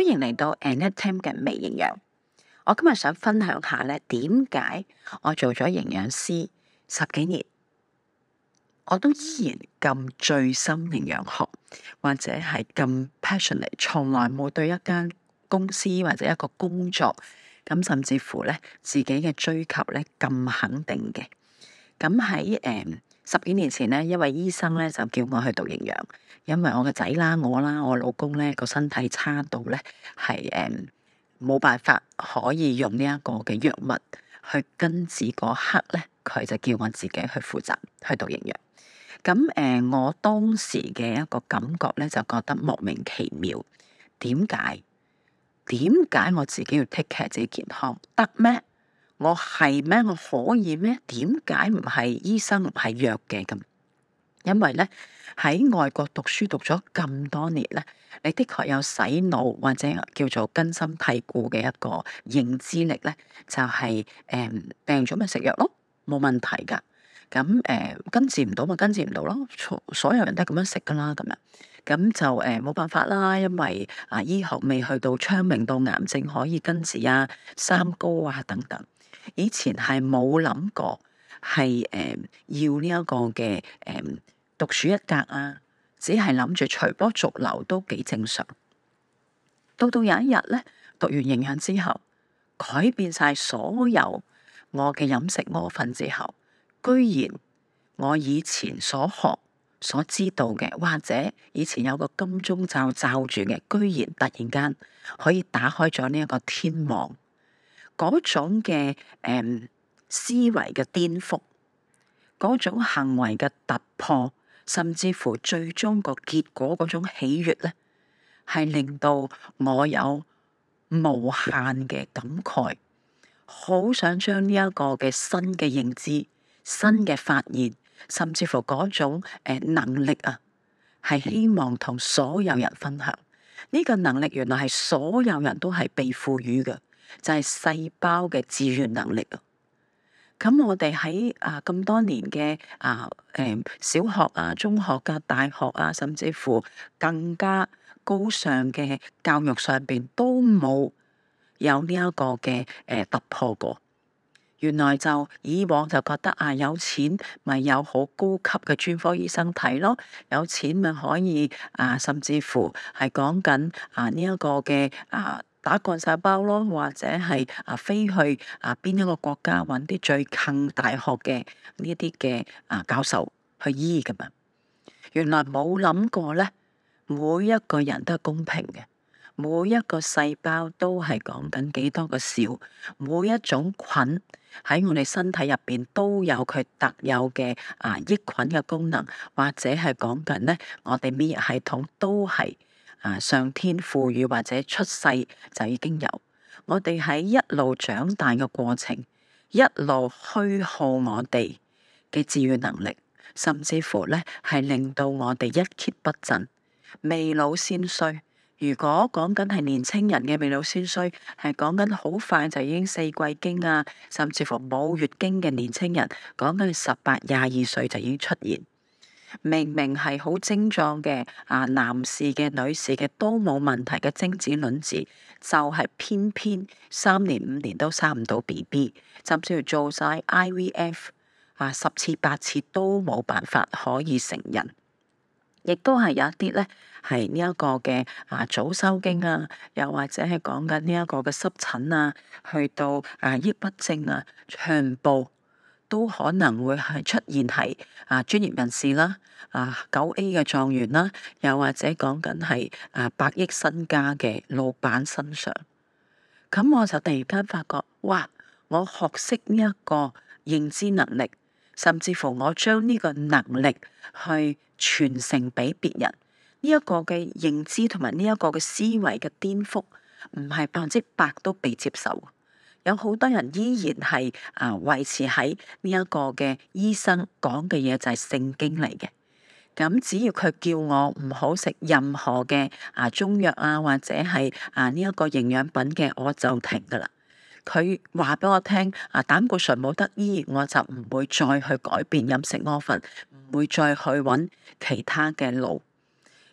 歡迎嚟到 Annette Tam 嘅微營養。我今日想分享下咧，點解我做咗營養師十幾年，我都依然咁醉心營養學，或者係咁 passionate，從來冇對一間公司或者一個工作，咁甚至乎咧自己嘅追求咧咁肯定嘅。咁喺誒。嗯十幾年前咧，一位醫生咧就叫我去讀營養，因為我個仔啦、我啦、我老公咧個身體差到咧係誒冇辦法可以用呢一個嘅藥物去根治。嗰刻咧，佢就叫我自己去負責去讀營養。咁誒，我當時嘅一個感覺咧就覺得莫名其妙，點解？點解我自己要 take care 自己健康得咩？我係咩？我可以咩？點解唔係醫生，唔係藥嘅？咁因為咧，喺外國讀書讀咗咁多年咧，你的確有洗腦或者叫做根深蒂固嘅一個認知力咧，就係、是、誒、嗯、病咗咪食藥咯，冇問題噶。咁誒根治唔到咪根治唔到咯，所所有人都係咁樣食噶啦咁樣。咁就誒冇辦法啦，因為啊醫學未去到昌明到癌症可以根治啊、三高啊等等，以前係冇諗過係誒、呃、要呢一個嘅誒獨樹一格啊，只係諗住隨波逐流都幾正常。到到有一日咧，讀完營養之後，改變晒所有我嘅飲食魔訓之後，居然我以前所學。所知道嘅，或者以前有個金鐘罩罩住嘅，居然突然間可以打開咗呢一個天網，嗰種嘅誒、嗯、思維嘅顛覆，嗰種行為嘅突破，甚至乎最終個結果嗰種喜悅咧，係令到我有無限嘅感慨，好想將呢一個嘅新嘅認知、新嘅發現。甚至乎嗰種誒能力啊，係希望同所有人分享呢、這個能力，原來係所有人都係被賦予嘅，就係、是、細胞嘅自愈能力啊！咁我哋喺啊咁多年嘅啊誒、呃、小學啊、中學、啊、大學啊，甚至乎更加高尚嘅教育上邊，都冇有呢一個嘅誒、啊、突破過。原來就以往就覺得啊有錢咪有好高級嘅專科醫生睇咯，有錢咪可以啊，甚至乎係講緊啊呢一個嘅啊打幹細胞咯，或者係啊飛去啊邊一個國家揾啲最近大學嘅呢啲嘅啊教授去醫咁啊。原來冇諗過咧，每一個人都係公平嘅。每一個細胞都係講緊幾多個兆，每一種菌喺我哋身體入邊都有佢特有嘅啊益菌嘅功能，或者係講緊呢，我哋免疫系統都係啊上天賦予或者出世就已經有，我哋喺一路長大嘅過程，一路虛耗我哋嘅治癒能力，甚至乎呢係令到我哋一蹶不振，未老先衰。如果講緊係年青人嘅未老先衰，係講緊好快就已經四季經啊，甚至乎冇月經嘅年青人，講緊十八廿二歲就已經出現，明明係好精壯嘅啊，男士嘅、女士嘅都冇問題嘅精子卵子，就係、是、偏偏三年五年都生唔到 B B，甚至乎做晒 I V F 啊十次八次都冇辦法可以成人。亦都係有一啲咧，係呢一個嘅啊，早收經啊，又或者係講緊呢一個嘅濕疹啊，去到啊抑鬱症啊，全部都可能會係出現係啊專業人士啦、啊九 A 嘅狀元啦，又或者講緊係啊百億身家嘅老闆身上。咁我就突然間發覺，哇！我學識呢一個認知能力，甚至乎我將呢個能力去傳承俾別人呢一個嘅認知同埋呢一個嘅思維嘅顛覆，唔係百分之百都被接受。有好多人依然係啊維持喺呢一個嘅醫生講嘅嘢就係聖經嚟嘅。咁只要佢叫我唔好食任何嘅啊中藥啊或者係啊呢一個營養品嘅，我就停噶啦。佢話俾我聽啊，膽固醇冇得醫，我就唔會再去改變飲食安排，唔會再去揾其他嘅路。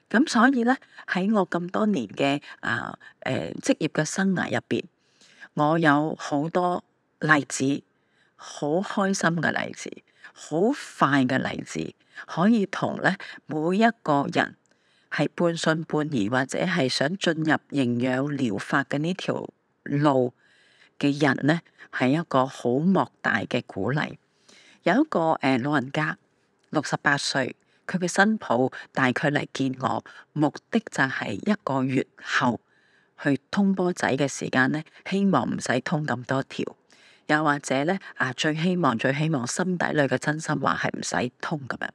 咁所以呢，喺我咁多年嘅啊誒職業嘅生涯入邊，我有好多例子，好開心嘅例子，好快嘅例子，可以同呢每一個人係半信半疑或者係想進入營養療法嘅呢條路，嘅人呢，係一個好莫大嘅鼓勵。有一個誒、呃、老人家，六十八歲，佢嘅新抱帶佢嚟見我，目的就係一個月後去通波仔嘅時間呢，希望唔使通咁多條，又或者呢，啊，最希望、最希望心底裏嘅真心話係唔使通咁樣。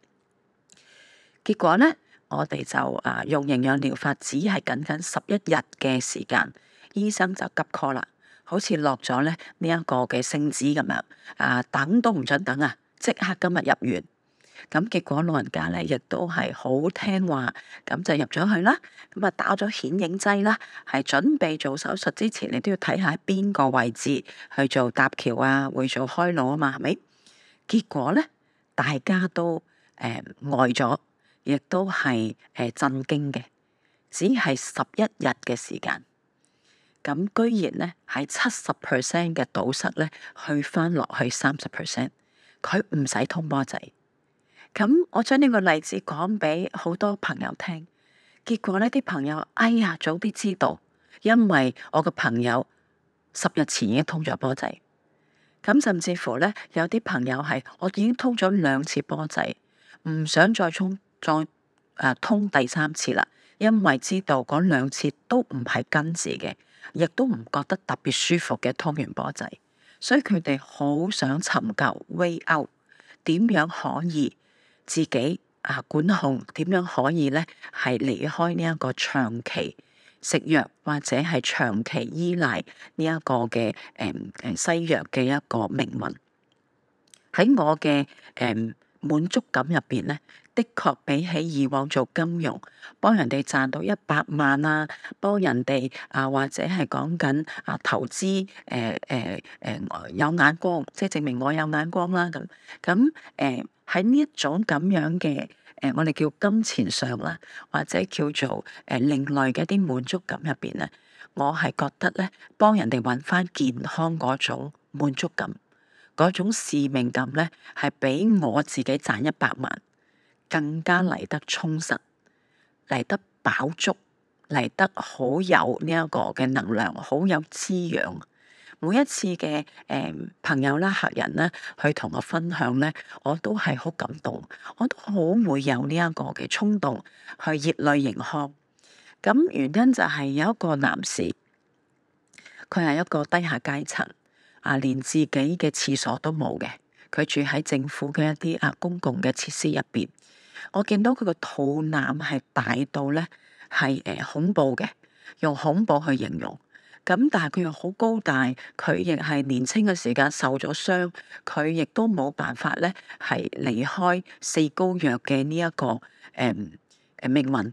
結果呢，我哋就啊用營養療，療法，只係僅僅十一日嘅時間，醫生就急 call 啦。好似落咗咧呢一個嘅聖旨咁樣，啊、呃、等都唔准等啊，即刻今日入院。咁結果老人家咧亦都係好聽話，咁就入咗去啦。咁啊打咗顯影劑啦，係準備做手術之前，你都要睇下邊個位置去做搭橋啊，會做開腦啊嘛，係咪？結果咧，大家都誒呆咗，亦、呃呃、都係誒、呃、震驚嘅。只係十一日嘅時間。咁居然咧，係七十 percent 嘅堵塞咧，去翻落去三十 percent，佢唔使通波仔。咁我將呢個例子講俾好多朋友聽，結果呢啲朋友，哎呀，早啲知道，因為我個朋友十日前已經通咗波仔。咁甚至乎咧，有啲朋友係我已經通咗兩次波仔，唔想再充再誒、啊、通第三次啦，因為知道嗰兩次都唔係根治嘅。亦都唔覺得特別舒服嘅湯圓波仔，所以佢哋好想尋求 way out，點樣可以自己啊管控？點樣可以咧係離開呢一個長期食藥或者係長期依賴呢一個嘅誒誒西藥嘅一個命運？喺我嘅誒。嗯滿足感入邊咧，的確比起以往做金融，幫人哋賺到一百萬啊，幫人哋啊或者係講緊啊投資，誒誒誒有眼光，即係證明我有眼光啦咁。咁誒喺呢一種咁樣嘅誒、呃，我哋叫金錢上啦，或者叫做誒、呃、另類嘅一啲滿足感入邊咧，我係覺得咧，幫人哋揾翻健康嗰種滿足感。嗰種使命感咧，係比我自己賺一百萬更加嚟得充實，嚟得飽足，嚟得好有呢一個嘅能量，好有滋養。每一次嘅誒朋友啦、客人啦，去同我分享咧，我都係好感動，我都好會有呢一個嘅衝動，去熱淚盈眶。咁原因就係有一個男士，佢係一個低下階層。啊！連自己嘅廁所都冇嘅，佢住喺政府嘅一啲啊公共嘅設施入邊。我見到佢個肚腩係大到咧係誒恐怖嘅，用恐怖去形容。咁但係佢又好高大，佢亦係年輕嘅時間受咗傷，佢亦都冇辦法咧係離開四高藥嘅呢一個誒誒、呃呃、命運。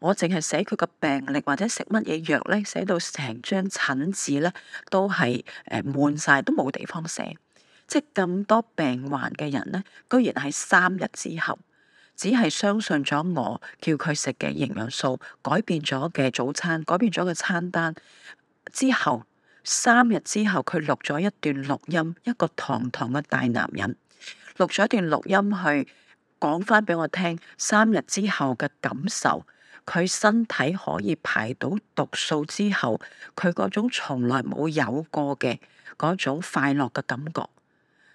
我淨係寫佢個病歷或者食乜嘢藥呢，寫到成張診紙呢都係誒滿晒，都冇、呃、地方寫。即係咁多病患嘅人呢，居然喺三日之後，只係相信咗我叫佢食嘅營養素，改變咗嘅早餐，改變咗嘅餐單之後，三日之後佢錄咗一段錄音，一個堂堂嘅大男人錄咗一段錄音去講翻俾我聽，三日之後嘅感受。佢身體可以排到毒素之後，佢嗰種從來冇有，有過嘅嗰種快樂嘅感覺。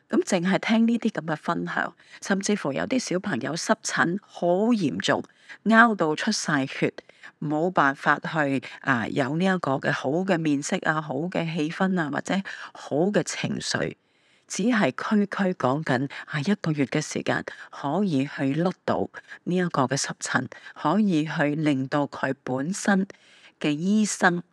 咁淨係聽呢啲咁嘅分享，甚至乎有啲小朋友濕疹好嚴重，拗到出晒血，冇辦法去啊、呃、有呢一個嘅好嘅面色啊，好嘅氣氛啊，或者好嘅情緒。只係區區講緊係一個月嘅時間，可以去甩到呢一個嘅濕疹，可以去令到佢本身嘅醫生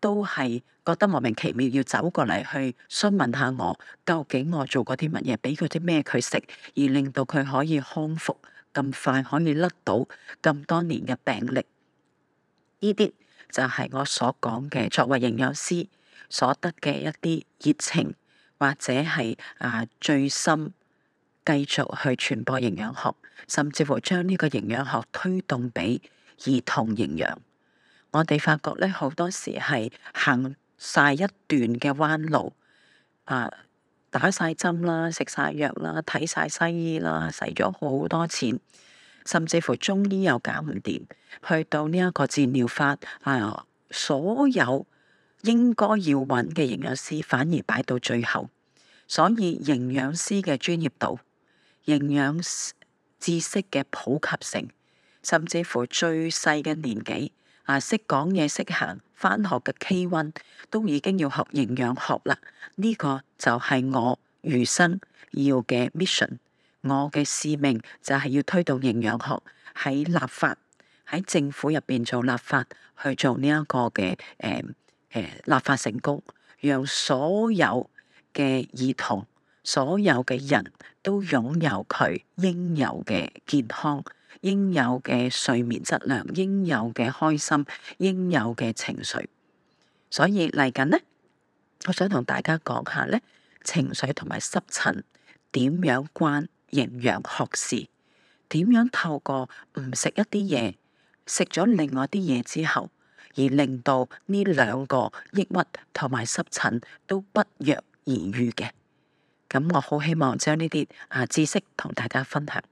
都係覺得莫名其妙，要走過嚟，去詢問下我，究竟我做過啲乜嘢，俾佢啲咩佢食，而令到佢可以康復咁快，可以甩到咁多年嘅病歷。呢啲就係我所講嘅，作為營養師所得嘅一啲熱情。或者係啊，最深繼續去傳播營養學，甚至乎將呢個營養學推動俾兒童營養。我哋發覺咧，好多時係行晒一段嘅彎路，啊，打晒針啦，食晒藥啦，睇晒西醫啦，使咗好多錢，甚至乎中醫又搞唔掂，去到呢一個治療法啊，所有。應該要揾嘅營養師，反而擺到最後。所以營養師嘅專業度、營養知識嘅普及性，甚至乎最細嘅年紀啊，識講嘢、識行、返學嘅 K1，都已經要學營養學啦。呢、這個就係我餘生要嘅 mission，我嘅使命就係要推動營養學喺立法喺政府入邊做立法，去做呢一個嘅誒。呃立法成功，讓所有嘅兒童、所有嘅人都擁有佢應有嘅健康、應有嘅睡眠質量、應有嘅開心、應有嘅情緒。所以嚟緊呢，我想同大家講下呢，情緒同埋濕疹點樣關營養學事？點樣透過唔食一啲嘢，食咗另外啲嘢之後？而令到呢兩個抑鬱同埋濕疹都不藥而愈嘅，咁我好希望將呢啲啊知識同大家分享。